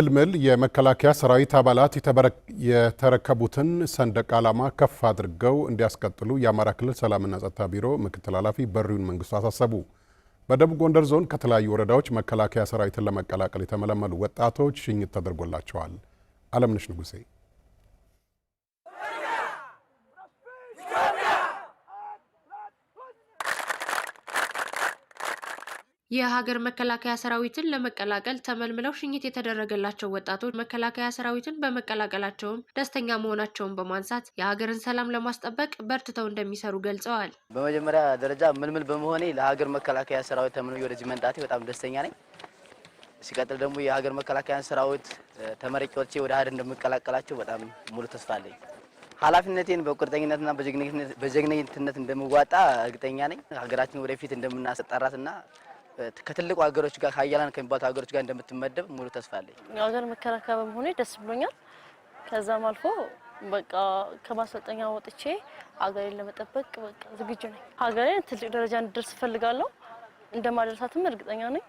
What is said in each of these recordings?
ምልምል የመከላከያ ሰራዊት አባላት የተረከቡትን ሰንደቅ ዓላማ ከፍ አድርገው እንዲያስቀጥሉ የአማራ ክልል ሰላምና ጸጥታ ቢሮ ምክትል ኃላፊ በሪውን መንግስቱ አሳሰቡ። በደቡብ ጎንደር ዞን ከተለያዩ ወረዳዎች መከላከያ ሰራዊትን ለመቀላቀል የተመለመሉ ወጣቶች ሽኝት ተደርጎላቸዋል። አለምነሽ ንጉሴ የሀገር መከላከያ ሰራዊትን ለመቀላቀል ተመልምለው ሽኝት የተደረገላቸው ወጣቶች መከላከያ ሰራዊትን በመቀላቀላቸውም ደስተኛ መሆናቸውን በማንሳት የሀገርን ሰላም ለማስጠበቅ በርትተው እንደሚሰሩ ገልጸዋል። በመጀመሪያ ደረጃ ምልምል በመሆኔ ለሀገር መከላከያ ሰራዊት ተመልምዬ ወደዚህ መንጣቴ በጣም ደስተኛ ነኝ። ሲቀጥል ደግሞ የሀገር መከላከያ ሰራዊት ተመረቂዎቼ ወደ ሀገር እንደምቀላቀላቸው በጣም ሙሉ ተስፋ አለኝ። ኃላፊነቴን በቁርጠኝነትና በጀግነኝነት እንደምዋጣ እርግጠኛ ነኝ። ሀገራችን ወደፊት እንደምናስጠራትና ከትልቁ ሀገሮች ጋር ከአያላን ከሚባሉት ሀገሮች ጋር እንደምትመደብ ሙሉ ተስፋ አለኝ። የሀገር መከላከያ በመሆኔ ደስ ብሎኛል። ከዛም አልፎ በቃ ከማሰልጠኛ ወጥቼ ሀገሬን ለመጠበቅ በቃ ዝግጁ ነኝ። ሀገሬን ትልቅ ደረጃ እንድደርስ እፈልጋለሁ። እንደማደርሳትም እርግጠኛ ነኝ።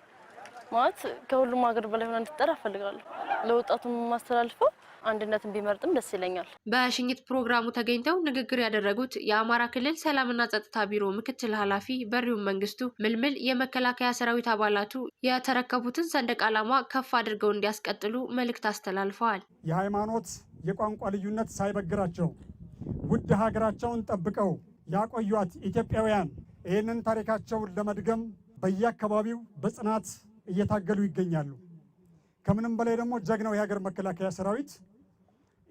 ማለት ከሁሉም ሀገር በላይ ሆና እንድትጠራ እፈልጋለሁ። ለወጣቱም የማስተላልፈው አንድነትን ቢመርጥም ደስ ይለኛል። በሽኝት ፕሮግራሙ ተገኝተው ንግግር ያደረጉት የአማራ ክልል ሰላምና ጸጥታ ቢሮ ምክትል ኃላፊ በሪውም መንግስቱ ምልምል የመከላከያ ሰራዊት አባላቱ የተረከቡትን ሰንደቅ ዓላማ ከፍ አድርገው እንዲያስቀጥሉ መልእክት አስተላልፈዋል። የሃይማኖት የቋንቋ ልዩነት ሳይበግራቸው ውድ ሀገራቸውን ጠብቀው ያቆዩት ኢትዮጵያውያን ይህንን ታሪካቸውን ለመድገም በየአካባቢው በጽናት እየታገሉ ይገኛሉ። ከምንም በላይ ደግሞ ጀግናው የሀገር መከላከያ ሰራዊት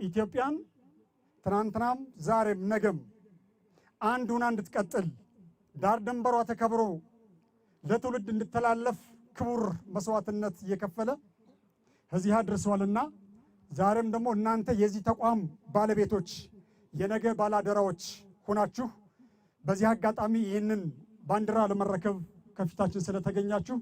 ኢትዮጵያን ትናንትናም ዛሬም ነገም አንድ ሁና እንድትቀጥል ዳር ድንበሯ ተከብሮ ለትውልድ እንድተላለፍ ክቡር መስዋዕትነት እየከፈለ እዚህ አድርሰዋልና ዛሬም ደግሞ እናንተ የዚህ ተቋም ባለቤቶች የነገ ባላደራዎች ሆናችሁ በዚህ አጋጣሚ ይህንን ባንዲራ ለመረከብ ከፊታችን ስለተገኛችሁ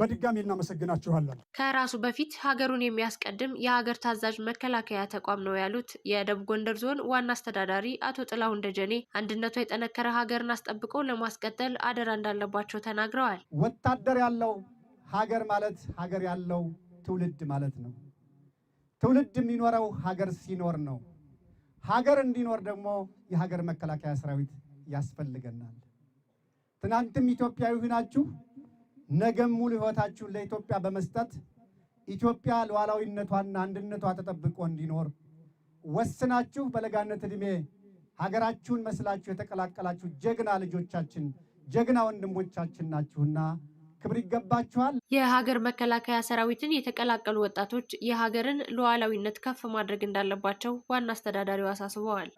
በድጋሚ እናመሰግናችኋለን። ከራሱ በፊት ሀገሩን የሚያስቀድም የሀገር ታዛዥ መከላከያ ተቋም ነው ያሉት የደቡብ ጎንደር ዞን ዋና አስተዳዳሪ አቶ ጥላሁን ደጀኔ አንድነቷ የጠነከረ ሀገርን አስጠብቆ ለማስቀጠል አደራ እንዳለባቸው ተናግረዋል። ወታደር ያለው ሀገር ማለት ሀገር ያለው ትውልድ ማለት ነው። ትውልድ የሚኖረው ሀገር ሲኖር ነው። ሀገር እንዲኖር ደግሞ የሀገር መከላከያ ሰራዊት ያስፈልገናል። ትናንትም ኢትዮጵያዊ ናችሁ ነገም ሙሉ ህይወታችሁን ለኢትዮጵያ በመስጠት ኢትዮጵያ ሉዓላዊነቷና አንድነቷ ተጠብቆ እንዲኖር ወስናችሁ በለጋነት ዕድሜ ሀገራችሁን መስላችሁ የተቀላቀላችሁ ጀግና ልጆቻችን፣ ጀግና ወንድሞቻችን ናችሁና ክብር ይገባችኋል። የሀገር መከላከያ ሰራዊትን የተቀላቀሉ ወጣቶች የሀገርን ሉዓላዊነት ከፍ ማድረግ እንዳለባቸው ዋና አስተዳዳሪው አሳስበዋል።